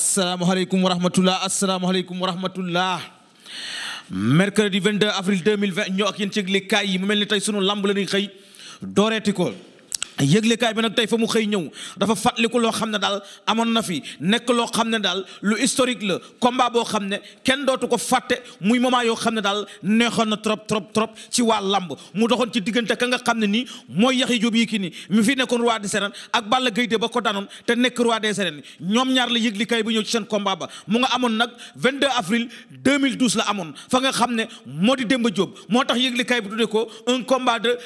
asalaamaaleykum wa rahmatulah asalaamaaleykum wa rahmatulah. mercredi 22 avril 2020 ñoo ak yéen ci yëgle kaay yi mu mel ni tey sunu lamb la ñuy xëy dooreeti ko. yëglekaay bi nag tey fa mu xëy ñëw dafa fàttaliku loo xam ne daal amoon na fi nekk loo xam ne daal lu historique la combat boo xam ne kenn dootu ko fàtte muy moment yoo xam ne daal neexoon na trop trop trop ci waa lamb mu doxoon ci diggante ka nga xam ne nii mooy Yaxya Jóob Yékini mu fi nekkoon roi des arènes ak Balla Gaye 2 ba ko danoon te nekk roi des arènes ñoom ñaar la yëglekaay bu ñëw ci seen combat ba mu nga amoon nag 22 avril 2012 la amoon fa nga xam ne moo di Demba Diop moo tax yëglekaay bi tudde ko un combat de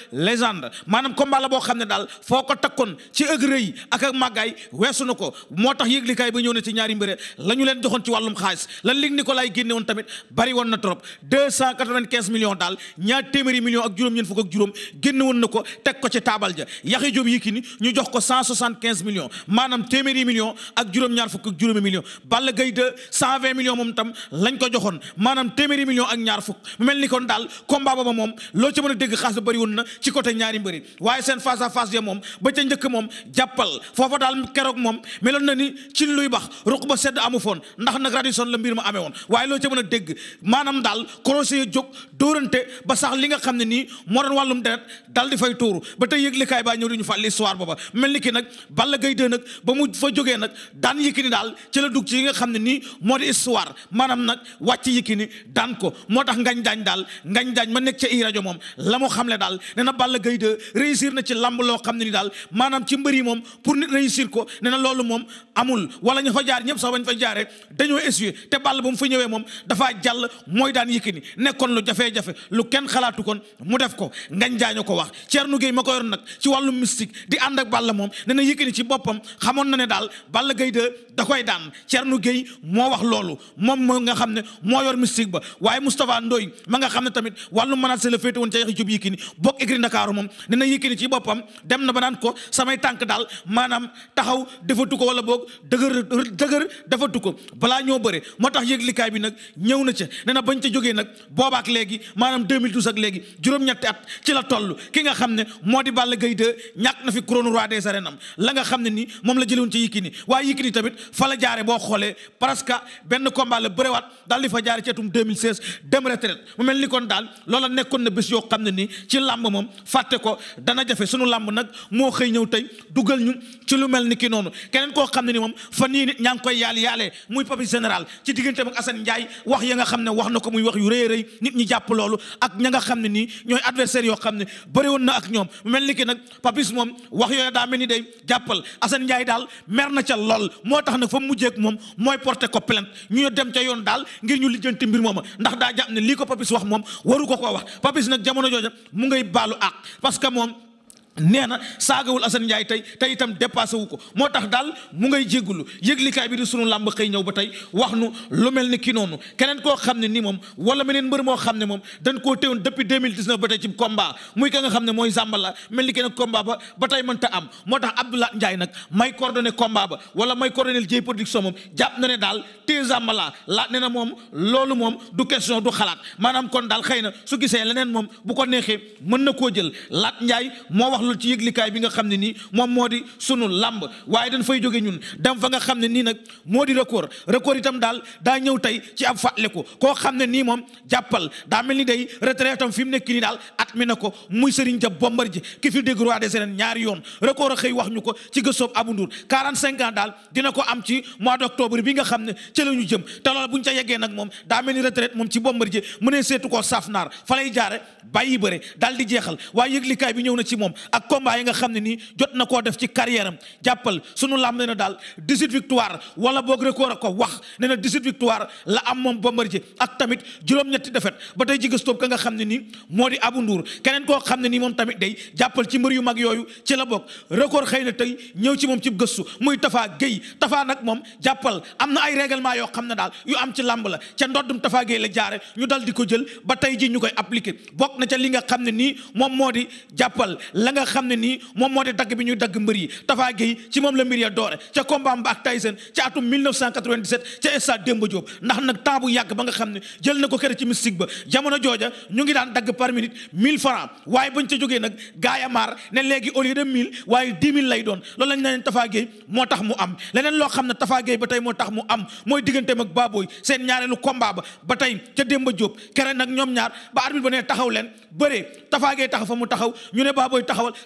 maanaam combat boo xam ne daal foo ko takkoon ci ëgg ak ak màggaay weesu na ko moo tax yëglikaay ba ñëw na ci ñaari mbëre la ñu leen joxoon ci wàllum xaalis lan lig Nicolas génne woon tamit bari woon na trop deux cent quatre-vingt-quinze millions daal ñaar téeméeri millions ak juróom ñeen fukk ak ko teg ko ci taabal ja yaxi jom yi ki ni ñu jox ko cent soixante-quinze millions maanaam téeméeri millions ak juróom-ñaar fukk ak juróomi millions Balla Gaye de cent vingt millions moom tam lañ mel ni kon daal combat booba moom loo ci mën a dégg xaalis bari woon na ci côté ñaari mbëri waaye seen face à face ya moom moom ba ca njëkk moom jàppal foofa daal keroog moom meloon na ni ci luy bax ruq ba sedd amu foon ndax nag la mbir ma amee woon loo a dégg maanaam daal croisé yi jóg dóorante ba sax li nga xam ne nii moo doon wàllum deret daal di fay tuuru ba tey yëglikaay baa ñëw di ñu fàttali histoire booba mel ni ki nag Balla Gaye 2 nag ba mu fa jógee nag daan Yékini daal ci la dugg ci yi nga xam ne nii moo di histoire maanaam nag wàcc Yékini dan ko moo tax ngañ daañ daal ngañ daañ ma nekk ca i rajo moom la mu xamle daal nee Balla Gaye réussir na ci lamb loo xam ne ne ni daal maanaam ci mbër yi moom pour nit réussir ko nee loolu moom amul wala ñu fa jaar ñëpp sax bañ fa jaaree dañoo essuyer te bàll ba mu fa ñëwee moom dafaa jàll mooy daan Yékini nekkoon lu jafe-jafe lu kenn xalaatu kon mu def ko ngañ jaañu ko wax Thierno Gueye ma ko yor nag ci wàllu mystique di ànd ak Balla moom nee na Yékini ci boppam xamoon na ne daal Balla Gaye de da koy daan Thierno Gueye moo wax loolu moom moo nga xam ne moo yor mystique ba waaye Moustapha Ndoye ma nga xam ne tamit wàllu manaat la féete woon ca yax jub Yékini bokk écrit Ndakaaru moom ci boppam dem dem na ba naan ko samay tànk daal maanaam taxaw defatu ko wala boog dëgër dëgër defatu ko balaa ñoo bëre moo tax yëglikaay bi nag ñëw na ca nee na bañ ca jógee nag boobaak léegi maanaam 2012 ak léegi juróom-ñetti at ci la toll ki nga xam ne moo di Balla Gaye 2 ñàkk na fi couronne roi des arènes am la nga xam ne nii moom la jëlewoon ci Yékini waaye Yékini tamit fa la jaare boo xoolee presque benn combat la bëréwaat daal di fa jaare ci atum 2016 dem retraite mu mel ni kon daal loola nekkoon na bés yoo xam ne ni ci làmb moom fàtte ko dana jafe sunu nag moo xëy ñëw tey dugal ñu ci lu mel ni ki noonu keneen koo xam ne ni moom fa nii nit ñaa ngi koy yaal yaalee muy papi général ci digganteem ak Assane Ndiaye wax ya nga xam ne wax na ko muy wax yu rëy rëy nit ñi jàpp loolu ak nga xam ne nii ñooy adversaire yoo xam ne bëri na ak ñoom mel ni ki nag papis moom wax yooyu daa mel ni day jàppal Assane Ndiaye daal mer na ca lool moo tax nag fa mujjeek moom mooy porte ko plainte ñu dem ca yoon daal ngir ñu lijjanti mbir mooma ndax daa jàpp ne lii ko papis wax moom waru ko ko wax papis nag jamono jooja mu ngay nee na saagawul Assane Ndiaye tey tey itam dépassé wu ko moo tax daal mu ngay jéggulu yëglikaay bi di sunu làmb xëy ñëw ba tey wax nu lu mel ni kii noonu keneen koo xam ne nii moom wala meneen mbër moo xam ne moom dañ koo téewoon depuis 2019 ba tey ci combat muy ka nga xam ne mooy Zambala mel ni kenn combat ba ba tey mënta am moo tax Abdoulaye Ndiaye nag may coordonné combat ba wala may coordonné jëy production moom jàpp na ne daal tée Zambala laat ne na moom loolu moom du question du xalaat maanaam kon daal xëy na su gisee leneen moom bu ko neexee mën na koo jël laat Ndiaye moo wax loolu ci yëglikaay bi nga xam ne nii moom moo di sunu làmb waaye dañ fay jóge ñun dem fa nga xam ne nii nag moo di record record itam daal daa ñëw tey ci ab ko koo xam ne nii moom jàppal daa mel ni day retraite am fi mu nekk nii daal at mi na ko muy Serigne Dia Bombardier ki fi dégg roi ñaari yoon record a xëy wax ñu ko ci gëstoob Abou Ndour 45 ans daal dina ko am ci mois d'octobre bi nga xam ne ca la ñu jëm te loolu bu ñu ca yeggee nag moom daa mel ni retraite moom ci Bombardier mu ne seetu koo saf naar fa lay jaare bàyyi bëre daal di jeexal waaye yëglikaay bi ñëw na ci moom ak combat yi nga xam ne nii jot na koo def ci carrière jàppal sunu lam na daal 18 victoire wala boog record a ko wax ne na 18 victoire la am moom Bombardier ak tamit juróom-ñetti défaite ba tey jigas toob ka nga xam ne nii moo di Abu Nduur keneen koo xam ne nii moom tamit day jàppal ci mbër yu mag yooyu ci la bokk record xëy na tey ñëw ci moom ci gëstu muy Tafa Gueye Tafa nag moom jàppal am na ay règlement yoo xam ne daal yu am ci làmb la ca ndoddum Tafa Gueye la jaare ñu dal di ko jël ba tey ji ñu koy appliqué bokk na ca li nga xam ne nii moom moo di jàppal la nga xam ne nii moom moo di dagg bi ñuy dagg mbër yi Tapha Gueye ci moom la mbir ya doore ca combat ba ak Tyson ca atum 1997 ca ndax nag temps yàgg ba nga xam ne jël na ko kër ci mystique ba jamono jooja ñu ngi daan dagg par minute 1000 francs waaye ca jógee nag gaaya ne léegi au de 1000 waaye 10 000 lay doon loolu lañ ne Tapha Gueye moo tax mu am leneen loo xam ne Tapha Gueye ba tey moo tax mu am mooy digganteem ak Baboy seen ñaareelu combat ba ba tey ca Demba Diop kere nag ñoom ñaar ba ba ne taxaw leen bëree Tapha Gueye taxaw fa mu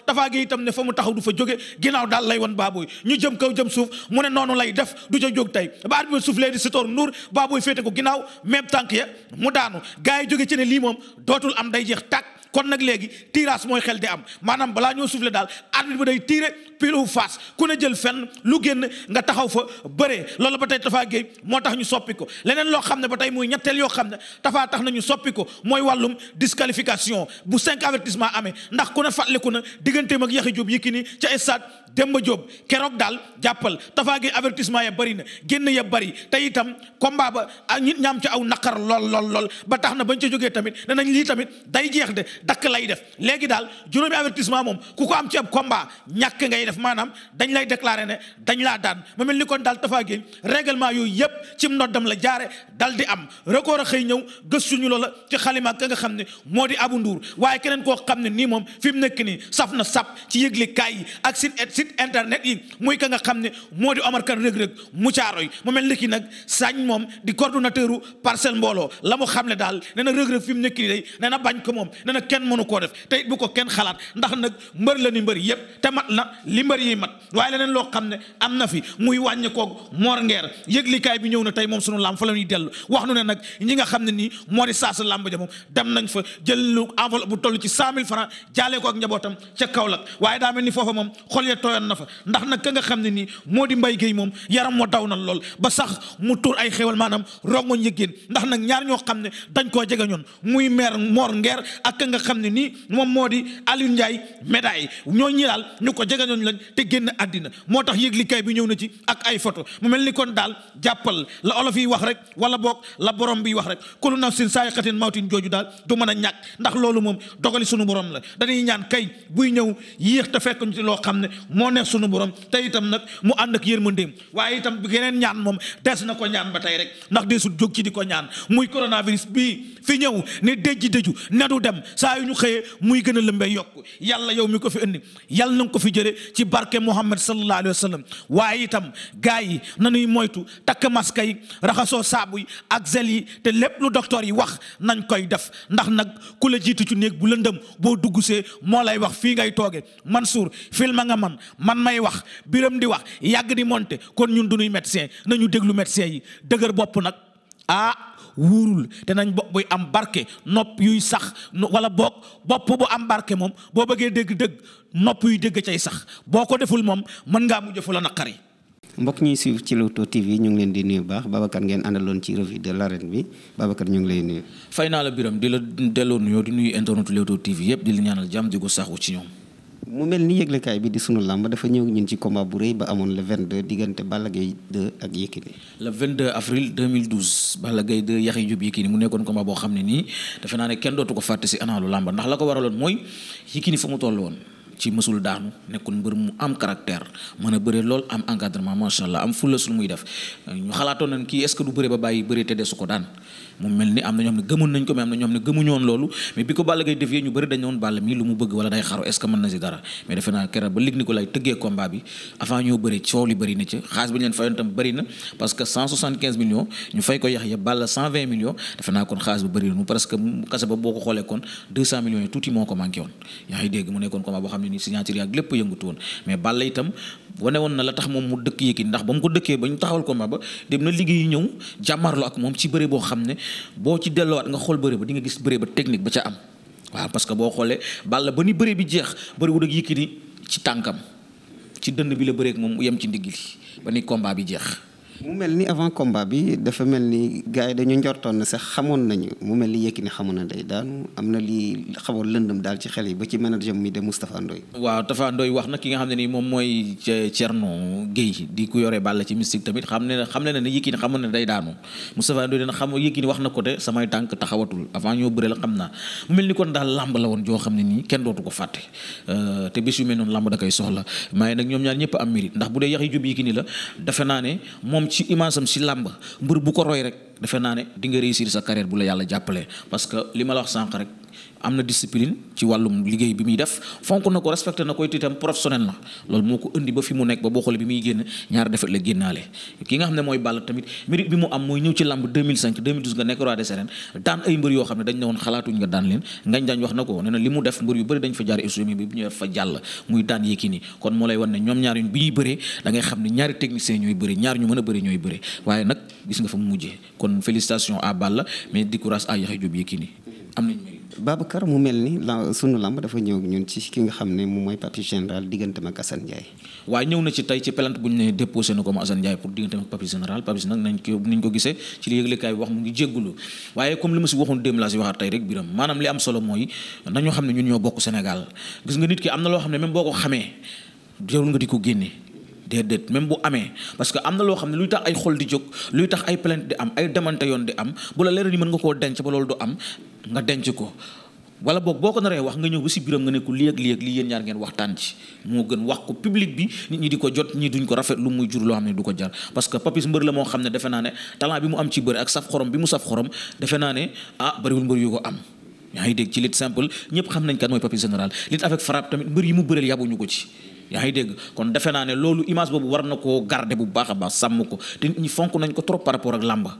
Tafa Gueye itam ne fa mu taxaw du fa jóge ginnaaw daal lay wan Baboy ñu jëm kaw jëm suuf mu ne noonu lay def du ca jóg tey ba arbitre suuf lee di Sitor Ndour Baboy féete ko ginnaaw même tànk ya mu daanu gars yi jóge ci ne lii moom dootul am day jeex tàkk kon nag léegi tirage mooy xel di am maanaam balaa ñoo soufflé daal arbitre bi day tiré pile ou face ku ne jël fenn lu génn nga taxaw fa bëree loolu ba tey Tapha Gueye moo tax ñu soppi ko leneen loo xam ne ba tey muy ñetteel yoo xam ne Tapha tax nañu soppi ko mooy wàllum disqualification bu cinq avertissement amee ndax ku ne fàttaliku na digganteem ak Yaxya Jóob Yékini ca stade Demba Diop keroog daal jàppal Tafa Gueye avertissement ya bëri na génn ya bari te itam combat ba ah, ñi ñaam ci aw naqar lool lool lool ba tax na bañ ca jógee tamit ne nañ lii tamit day jeex de dakk lay def léegi daal juróomi avertissement moom ku ko am ci ab combat ñàkk ngay def maanaam dañ lay déclaré ne dañ laa daan mu mel ni kon daal Tafa Gueye règlement yooyu yëpp ci noddam la jaare dal di am record a xëy ñëw gëstuñu loola ci xalima ka nga xam ne moo di Abu Ndour waaye keneen koo xam ne nii moom fi mu nekk nii saf na sap ci yëgle yi ak site internet yi muy ka nga xam ne moo di Omar Kane rëg-rëg mu caaroy mu mel ni ki nag saañ moom di coordonnateur u parcelle mbooloo la mu xam ne daal nee na rëg-rëg fi mu nekk nii day nee na bañ ko moom nee na kenn mënu koo def tey bu ko kenn xalaat ndax nag mbër la ni mbër yëpp te mat na li mbër yi mat waaye leneen loo xam ne am na fi muy wàññi koog Mor Ngeer yëglikaay bi ñëw na tey moom sunu làmp fa la ñuy dellu wax nu ne nag ñi nga xam ne nii moo di saasa làmb ja moom dem nañ fa jël lu enveloppe bu toll ci cent mille francs jaalee ko ak njabootam ca Kaolack waaye tooyoon na fa ndax nag ka nga xam ne nii moo di mbay géey moom yaram moo daw na lool ba sax mu tuur ay xewal maanaam rongoñ yëggéen ndax nag ñaar ñoo xam ne dañ koo jege ñoon muy maire Mor Nguer ak ka nga xam ne nii moom moo di Aliou Ndiaye médaille ñoo ñi daal ñu ko jege ñoon lañ te génn àddina moo tax yëglikaay bi ñëw na ci ak ay foto mu mel ni kon daal jàppal la olof yi wax rek wala boog la borom bi wax rek kulu nafsin saayixatin mawtin jooju daal du mën a ñakk ndax loolu moom dogali sunu borom la dañuy ñaan kay buy ñëw yéex te fekk ñu ci moo neex sunu borom te itam nag mu ànd ak yërmandeem waaye itam geneen ñaan moom des na ko ñaan ba tey rek ndax desul jóg ci di ko ñaan muy coronavirus bii fi ñëw ne déjji déju ne du dem saa yu ñu xëyee muy gën a lëmbee yokk yàlla yow mi ko fi indi yàlla na nga ko fi jële ci barke Muhammad sallallahu alayhi wa waaye itam gars yi nañuy moytu takk masque yi raxasoo saabu yi ak gel yi te lépp lu docteur yi wax nañ koy def ndax nag ku la jiitu ci néeg bu lëndëm boo dugg see moo lay wax fii ngay tooge man may wax biram di wax yàgg di monte kon ñun duñuy médecin nañu déglu médecin yi dëgër bopp nag ah wuurul te nañ bopp buy am barke nopp yuy sax wala boog bopp bu am barke moom boo bëggee dégg dëgg nopp yuy dégg cay sax boo ko deful moom mën ngaa mujj fu la naqari mbokk ñuy suivre ci Leewtoo TV ñu ngi leen di nuyu baax Babacar ngeen àndaloon ci revue de l'arène bi Babacar ñu ngi lay nuyu. fay naa la biram di la delloo nuyoo di nuyu internetu Leewtoo TV yëpp di la ñaanal jàmm di ko saxu mu mel ni yëglekaay bi di sunu làmb dafa ñëw ñun ci combat bu rëy ba amoon le 22 diggante Balla Gaye 2 ak Yékini. le 22 avril 2012 Balla Gaye 2 Yaxya Jóob Yékini mu nekkoon combat boo xam ne nii defe naa ne kenn dootu ko fàtte si anaalu làmb ndax la ko waraloon mooy Yékini fa mu toll woon. ci mësul daanu nekkul mbër mu am caractère mën a bëre lool am encadrement macha allah am fulla sul muy def ñu xalaatoon nañ kii est du bëre ba bàyyi bëre te de ko daan mu mel ni am na ñoo xam ne gëmoon nañ ko mais boo xam ne ne nii signature yaag lépp yëngutu woon mais Balla itam wane woon na la tax moom mu dëkk Yékini ndax ba mu ko dëkkee ba ñu taxawal ko ma ba dem na liggéey ñëw jàmmarloo ak moom ci bëre boo xam ne boo ci delluwaat nga xool bëre ba di nga gis bëre ba technique ba ca am waaw parce que boo xoolee Balla ba ni bëre bi jeex bëriwul ak ni ci tànkam ci dënn bi la bëreek moom mu yem ci ndigg li ba ni combat bi jeex mu mel ni avant combat bi dafa mel ni gars dañu njortoon na sax xamoon nañu mu mel ni Yékini xamoon na day daanu am na li xamoon lëndëm daal ci xel yi ba ci manager mi de Moustapha Ndoye waaw Tafa Ndoye wax na ki nga xam ne ni moom mooy Thierno Guèye di ku yore bàll ci mystique tamit xam ne xam ne ne Yékini xamoon na day daanu Moustapha Ndoye dana xam wax na ko te samay tànk taxawatul avant ñoo bëre la xam naa mu mel ni kon daal làmb la woon joo xam ne nii kenn dootu ko fàtte euh, te bés yu mel noonu làmb da koy soxla maaye nag ñoom ñaar ñëpp am mérite ndax bu dee yax yi jub Yékini la am ci image si làmb mbër bu ko roy rek defe naa ne di nga réussir sa carrière bu la yàlla jàppale parce que li ma la wax sànq rek am na discipline ci wàllum liggéey bi muy def fonk na ko respecté na ko itam professionnel na loolu moo ko indi ba fi mu nekk ba boo bi muy génn ñaar defet la génnaale ki nga xam ne mooy Balla tamit mérite bi mu am mooy ñëw ci làmb 2005 2012 nga nekk roi des arènes daan ay mbër yoo xam ne dañ daan leen ngañ na ko nee na li kon moo lay wan ne ñoom ñaar bi ñuy bëree da xam ne ñaari technicien ñooy bëri ñaar ñu mën a bëri ñooy bëri waaye nag gis nga fa mu mujjee Babacar mu mel ni la sunu lamb dafa ñëw ñun ci ki nga xam ne moom mooy papi général diggante ak Assane Ndiaye. waaye ñëw na ci tey ci plainte bu ñu ne déposé na ko ma Assane pour diggante ak papi général papi ko niñ ko gisee ci li yëglekaay bi wax mu ngi jéggulu waaye comme li ma si waxoon démb laa si waxaat tey rek biram maanaam li am solo mooy nañu xam ne ñun ñoo bokk Sénégal am na loo boo ko xamee jarul nga di ko génne déedéet même bu amee parce que am na loo xam ne luy tax ay xol di jóg luy tax ay plainte di am ay demante yoon di am bu la leeral ni mën nga koo denc ba loolu du am nga denc ko wala boog boo ko naree wax nga ñëw ba si biram nga ne ko lii ak lii ak lii yéen ñaar ngeen waxtaan ci moo gën wax ko public bi nit ñi di ko jot ñi duñ ko rafet lu muy jur loo xam ne du ko jar parce que Papis mbër la moo xam ne defe naa ne talent bi mu am ci bëri ak saf xorom bi mu saf xorom defe naa ne ah bëriwul mbër yu ko am yaa ngi dégg ci lit simple ñëpp xam nañ kat mooy Papis général lit avec frappe tamit mbër yi mu bëreel yabuñu ko ci yaa ngi dégg kon defe naa ne loolu image boobu war na koo garder bu baax a baax ko ñi fonk nañ ko trop par rapport ak làmba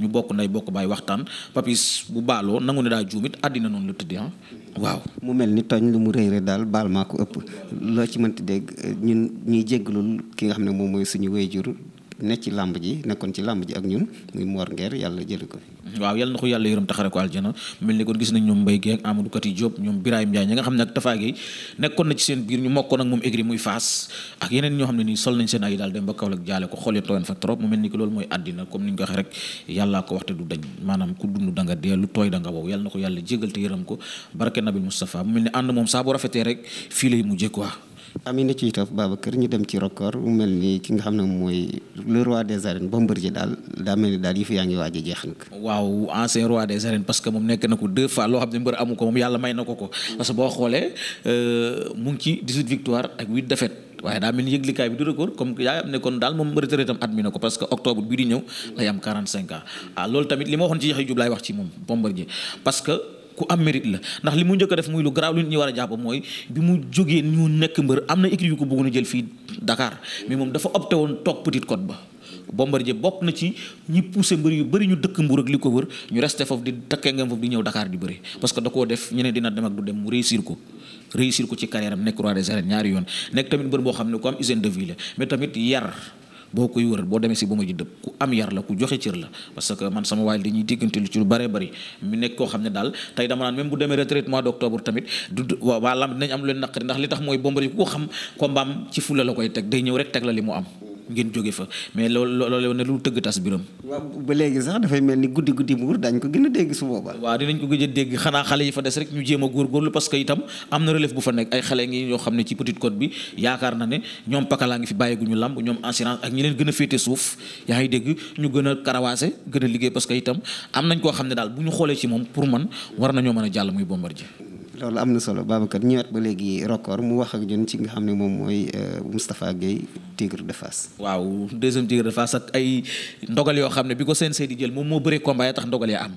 ñu bokk nday bokk baay waxtaan papis bu baaloo nangu ne daa juumit àddina noonu la tëddee ah waaw mu mel ni tooñ lu mu rëy rek daal baal maa ko ëpp loo ci mënti dégg ñun ñuy jéggalul ki nga xam ne moom mooy suñu wéyjur ne ci làmb ji nekkoon ci làmb ji ak ñun muy Mor yàlla jëli ko mhm. waaw yàlla na ko yàlla yërëm kon gis nañ ñoom Mbaye Guèye ak Amadou Kati Diop ñoom Birahim Ndiaye ñi nga xam ne ne nii sol nañ seen ay daal dem ba Kaolack jaale ko xool ya tooyoon fa trop mu mel ni ko loolu mooy àddina comme ni ñu ko waxee rek yàllaa ko waxte du dañ maanaam ku dund da yërëm ko barke Nabil Moustapha mu mel ni ànd moom saa rafetee rek fii lay mujjee quoi Amina ciy topp Babacar ñu dem ci record mu mel ni ki nga xam ne mooy le roi des arènes Bombardier daal daa mel ni daal yi fi yaa ngi waaj a jeex nag waaw ancien roi des arènes parce que moom nekk na ko deux loo xam euh, ne kon daal moom retraité tam at ko parce que octobre bii di ñëw lay am 45 ans ah tamit li ma waxoon ci yax jub laay wax ci moom Bombardier parce que ku am mérite la ndax li mu njëkk def muy lu garaaw lu nit ñi war a jàpp mooy bi mu jógee ñu nekk mbër am na équipe yu ko bëggoon a jël fii dakaar mais moom dafa opté woon toog Petite Côte ba. Bombardier bokk na ci ñi poussé mbër yu bari ñu dëkk mbur ak li ko wër ñu resté foofu di takkee ngam foofu di ñëw Dakar di bëri parce que da koo def ñeneen dina dem ak du dem mu réussir ko. réussir ko ci carrière am nekk roi des arènes ñaari yoon nekk tamit mbër boo xa ne ku am hygiène de vie la boo koy wër boo demee si ba ma ji ku am yar la ku joxe cër la parce que man sama waay dañuy diggante lu ci lu bëree bëri mi nekk koo xam ne daal tey dama naan même bu demee retraite mois d' octobre tamit du waa waa lamb dinañ am lu leen naqari ndax li tax mooy Bombardier ku ko xam combat am ci fulla la koy teg day ñëw rek teg la li mu am ngeen jóge fa mais loolu loolu lu tëgg tas biram waaw ba léegi sax dafay mel ni guddi guddi muur dañ ko gën a dégg su boobaa waaw dinañ ko gëj dégg xanaa xale yi fa des rek ñu jéem a góorgóorlu parce que itam am na relève bu fa nekk ay xale ngi ñoo xam ne ci petite côte bi yaakaar na ne ñoom pakalaa ngi fi bàyyiguñu làmb ñoom assurance a féete suuf yaa ngi dégg a liggéey parce que itam am nañ koo xam ne daal bu ñu xoolee ci moom pour man war nañoo mën a jàll muy Bombardier loolu am na solo Babacar ñëwaat ba léegi record mu wax ak ñun ci nga xam ne moom mooy euh, Moustapha Guèye tigre de Fass. waaw deuxième tigre de Fass ak ay ndogal yoo xam ne bi ko seen di jël moom moo bëree combat ya tax ndogal ya am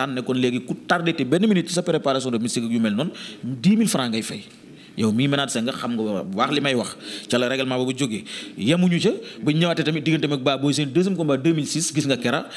ne kon léegi ku tardé benn minute ci sa préparation mystique yu mel noonu dix mille francs ngay fay yow mii menaat sa nga xam nga bu baax li may wax ca la règlement boobu jógee yemuñu ca bu ñu ñëwaatee tamit digganteem ak Baboy seen deuxième combat 2006 gis nga kera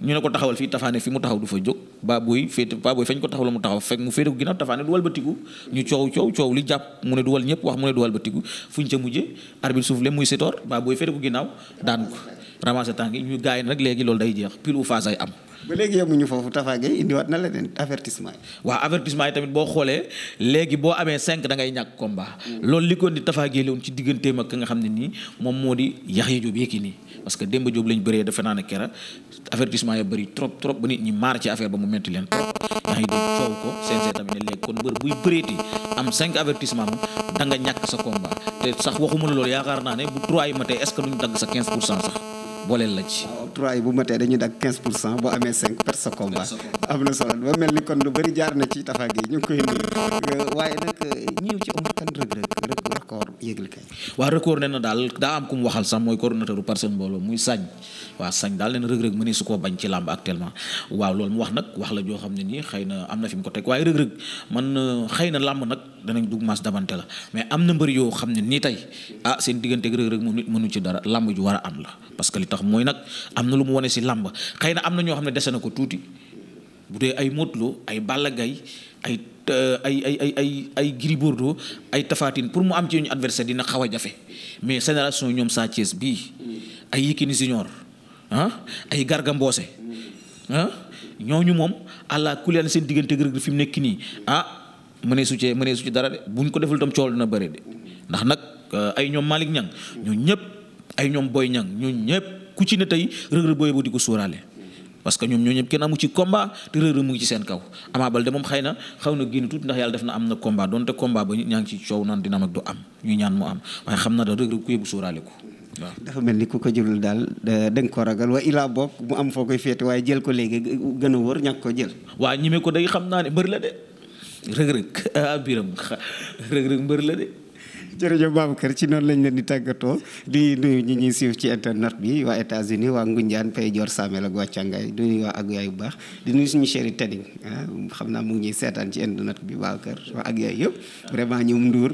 ñu ne ko taxawal fii tafaane fi mu taxaw du fa jóg Baboy féete Baboy fañ ko taxawal mu taxaw fekk mu ba tigu ñu coow coow coow li jàpp mu ne du ba tigu fuñ ca mujjee arbitre suuf le muy sétoor Baboy féete ko ginnaaw daan ko ramasser tànk yi ñu gars yi nag léegi loolu day jeex pile ou face ay am. ba léegi yemuñu foofu Tafa Gueye indiwaat na leneen avertissement yi. waaw avertissement yi tamit boo xoolee léegi boo amee cinq da ngay ñàkk combat. loolu li ko di Tafa Gueye woon ci digganteem ak ki nga xam ne nii moom moo di Yaxya Jóob Yékini parce que démb Jóob lañu bëree defe naa ne kera avertissement yi bëri trop trop ba nit ñi maar ci affaire ba mu metti leen trop. yaa ngi dégg coow ko CNG tamit ne léegi kon buy bëreeti am cinq avertissement moom da nga ñàkk sa combat. te sax waxuma la loolu yaakaar naa ne bu 3 yi matee est ce que duñ dagg sa 15 pour cent sax booleel la ci. waaw 3 yi bu matee dagg 15 pour cent boo amee 5 perte sa combat. am na solo ba mel ni kon lu bëri jaar na ci Tapha Gueye ñu koy nuyu. waaye nag ñëw ci Omar Kane record yëgle kay. waaw record nee na daal daa am ku mu waxal sax mooy coordonnateur bu Parcelles Mbooloo muy Sagne waaw Sagne daal nee na rëg-rëg mënee su koo bañ ci làmb actuellement waaw loolu mu wax nag wax la joo xam ne nii xëy na am na mu ko teg waaye rëg-rëg man euh, na làmb nag danañ dugg maas damante la mais am na mbër yoo xam ne nii tey ah seen diggante ak rëg moom nit mënu ci dara làmb ju war a am la parce que li tax mooy nag am na lu mu wane si làmb xëy na am na ñoo xam ne dese na ko tuuti bu dee ay Modou Lo ay Balla gay ay euh, ay ay ay ay ay Gris Bordeaux ay Tapha pour mu am ci ñu adversaire dina xaw a jafe mais génération ñoom Sa Thiès bii ay Yékini Junior ah, ay Garga Mbossé ah ñooñu moom àlla kuleen seen diggante rek fi mu nekk nii ah mënee su cee mënee su ci dara de buñ ko deful tam coow dina bëri de ndax nag euh, ay ñoom Malick Niang ñoo ñëpp ay ñoom Boy Niang ñoo ñëpp ku ci ne tey rëg booy bu di ko sóoraale parce que ñoom ñoo ñëpp kenn amu ci combat te Reug Reug mu ngi ci seen kaw Ama Baldé moom xëy na xaw na génn tuuti ndax yàlla def na am na combat donte combat ba ñaa ci coow naan dina am du am ñu ñaan mu am waaye xam na da Reug Reug ku yóbbu daal ko ragal wa ilaa bokk mu am koy féete waaye jël ko léegi gën a wóor ñàkk ko jël waa ñi ko day xam naa ne mbër la de Reug Reug ah biram Reug Reug mbër la de jërëjëf kër ci noonu lañ leen di tàggatoo di nuyu ñu ñuy suivre ci internet bi waa États-Unis waa Ngunjaan Pay Joor Samel ak waa Càngaay di nuyu waa Aguyaay bu baax di nuyu suñu chéri Teddy ah, xam naa mu ngi ñuy seetaan ci internet bi Babacar waa Aguyaay yëpp vraiment ñoom Ndour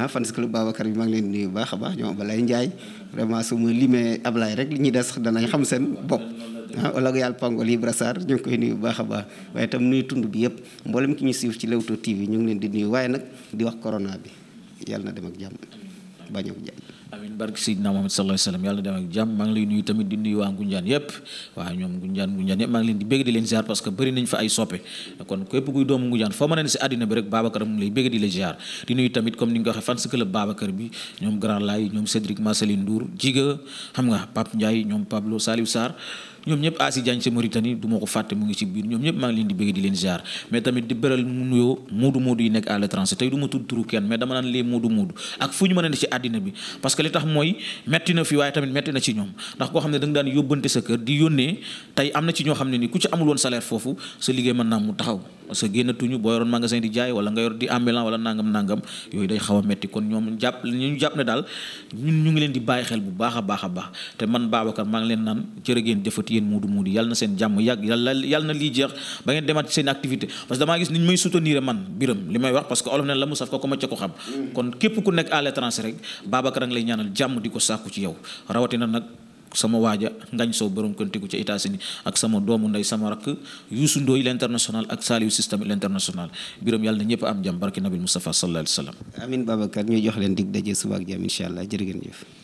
ah fans club Babacar bi maa ngi leen di nuyu bu baax a baax ñoom Ablaye Ndiaye vraiment su ma limee Ablaye rek li ñuy des danañ xam seen bopp. ah olago yàlla pangol yi brassar ñu ngi koy nuyu bu baax a baax waaye tam nuyu tund bi yëpp mboolem ki ñu siiw ci Leewtoo TV ñu ngi leen di nuyu waaye nag di wax corona bi yàlla na dem ak jàmm bañ jàmm amin barke Seydina Muhammad sallallahu alayhi wasallam yàlla na dem ak jàmm maa lay nuyu tamit di nuyu waa Ngunjaan yëpp waaw ñoom Ngunjaan Ngunjaan yëpp maa leen di bégg di leen ziar parce que bëri nañ fa ay soppe kon képp kuy doomu Ngunjaan foo mën a ne si àddina bi rek Babacar mu ngi lay bégg di la ziar di nuyu tamit comme ni nga ko waxee fans club Babacar bi ñoom Grand Laye ñoom Cédric Marcelin Jiga xam nga Pape ñoom ñëpp Asi ah, Diagne ca Mauritanie du ma ko fàtte mu ngi ci biir ñoom ñëpp maa ngi leen di bëgg di leen ziar mais tamit di bëral mu nuyoo moodu moodu yi nekk à l'étranger tey du tudd turu kenn mais dama naan les moodu moodu ak fu ñu mën a ne ci àddina bi parce que li tax mooy metti na fi waaye tamit metti na ci ñoom ndax koo xam ne da nga daan yóbbante sa kër di yónnee tey am na ci ñoo xam ne ni ku ci amul woon foofu sa liggéey mën naa mu taxaw parce que génnatuñu boo yoroon magasin di jaay wala nga yor di ambulant wala nangam nangam yooyu day xaw a metti kon ñoom jàpp ñu jàpp ne daal ñu ngi leen di bàyyi xel bu baax a baax a baax te man Babacar maa leen naan jërë ngeen jëfati yéen muudu muudu yàlla na seen jàmm yàgg yàlla na lii jeex ba ngeen demaat seen activité parce damaa gis ni may soutenir man biram li may wax parce olof ne la mu saf ko ko ma ca ko xam mm. kon képp ku nekk sama waaja ngañ sow borom kontiku ca États-Unis ak sama doomu ndey sama rakk Youssou Ndoye l'international ak Saliou système l'international biram yàlla na ñëpp am jàmm barki nabil Mustafa sallallahu alayhi wa sallam amin Babacar ñu jox leen dig daje suba ak jàmm incha allah jërë ngeen jëf